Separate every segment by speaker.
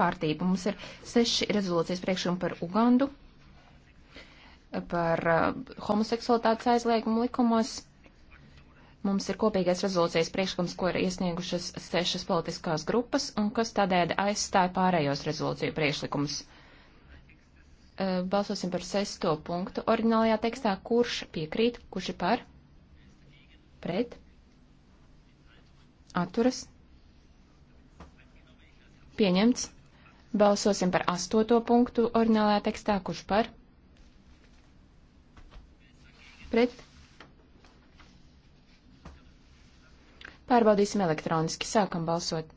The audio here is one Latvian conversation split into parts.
Speaker 1: kārtību. Mums ir seši rezolūcijas priekšlikumi par Ugandu, par uh, homoseksualitātes aizliegumu likumos. Mums ir kopīgais rezolūcijas priekšlikums, ko ir iesniegušas sešas politiskās grupas un kas tādēļ aizstāja pārējos rezolūciju priekšlikumus. Uh, balsosim par sesto punktu orinālajā tekstā. Kurš piekrīt? Kurš ir par? Pret? Atturas? Pieņemts. Balsosim par astoto punktu orinālajā tekstā, kurš par? Pret? Pārbaudīsim elektroniski. Sākam balsot.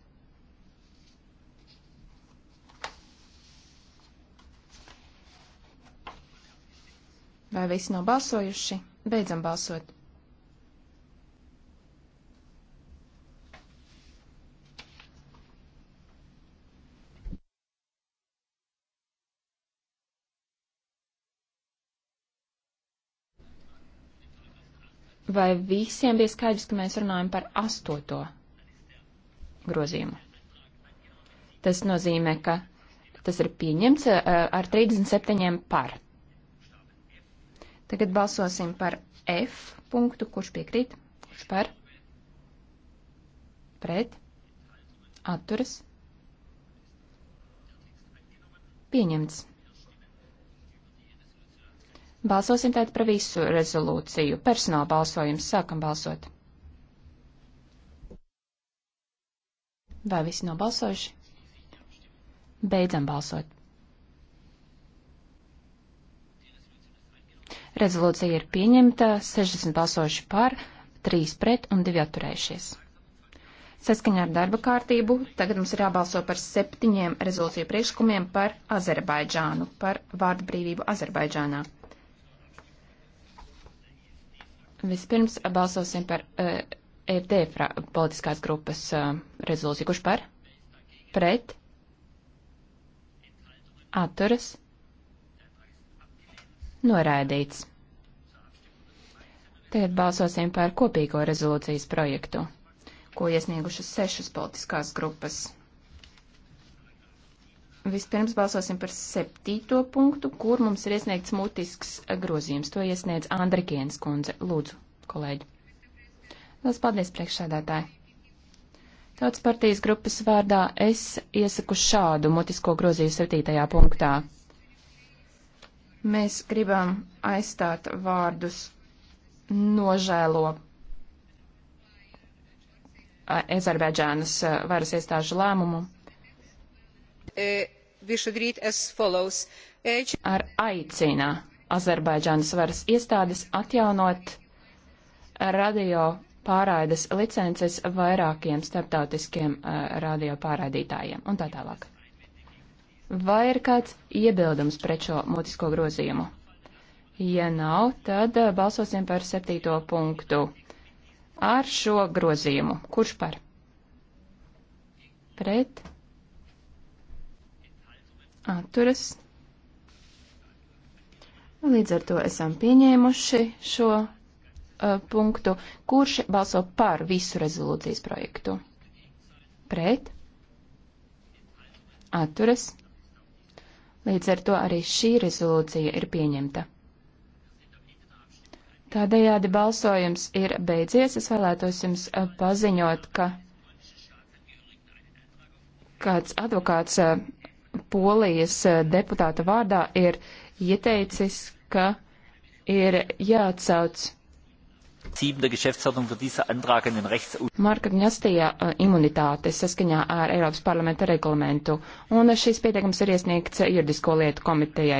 Speaker 1: Vai visi nav balsojuši? Beidzam balsot. Vai visiem bija skaidrs, ka mēs runājam par astoto grozījumu? Tas nozīmē, ka tas ir pieņemts eh, ar 37 par. Tagad balsosim par F punktu, kurš piekrīt, kurš par, pret, atturas, pieņemts. Balsosim tātad par visu rezolūciju. Personāla balsojums. Sākam balsot. Vai visi nobalsojuši? Beidzam balsot. Rezolūcija ir pieņemta 60 balsojuši par, 3 pret un 2 atturējušies. Saskaņā ar darba kārtību tagad mums ir jābalso par septiņiem rezolūciju priekšlikumiem par Azerbaidžānu, par vārdu brīvību Azerbaidžānā. Vispirms balsosim par uh, eh, EFD politiskās grupas uh, rezolūciju. Kurš par? Pret? Atturas? Noraidīts. Tagad balsosim par kopīgo rezolūcijas projektu, ko iesniegušas sešas politiskās grupas. Vispirms balsosim par septīto punktu, kur mums ir iesniegts mutisks grozījums. To iesniedz Andrikienas kundze. Lūdzu, kolēģi. Lielas paldies, priekšsēdētāji. Tautas partijas grupas vārdā es iesaku šādu mutisko grozīju septītajā punktā. Mēs gribam aizstāt vārdus nožēlo Azerbaidžānas varas iestāžu lēmumu. E ar aicina Azerbaidžānas varas iestādes atjaunot radio pārraides licences vairākiem starptautiskiem uh, radio pārraidītājiem un tā tālāk. Vai ir kāds iebildums pret šo mutisko grozījumu? Ja nav, tad eh, balsosim par septīto punktu. Ar šo grozījumu. Kurš par? Pret? atturas. Līdz ar to esam pieņēmuši šo uh, punktu. Kurš balso par visu rezolūcijas projektu? Pret? Atturas. Līdz ar to arī šī rezolūcija ir pieņemta. Tādējādi balsojums ir beidzies. Es vēlētos jums uh, paziņot, ka kāds advokāts uh, polijas eh, deputāta vārdā ir ieteicis, ka ir jāatsauc. Marka Gnastija eh, imunitāte saskaņā ar Eiropas parlamenta reglamentu, un šis pieteikums ir iesniegts juridisko lietu komitejai.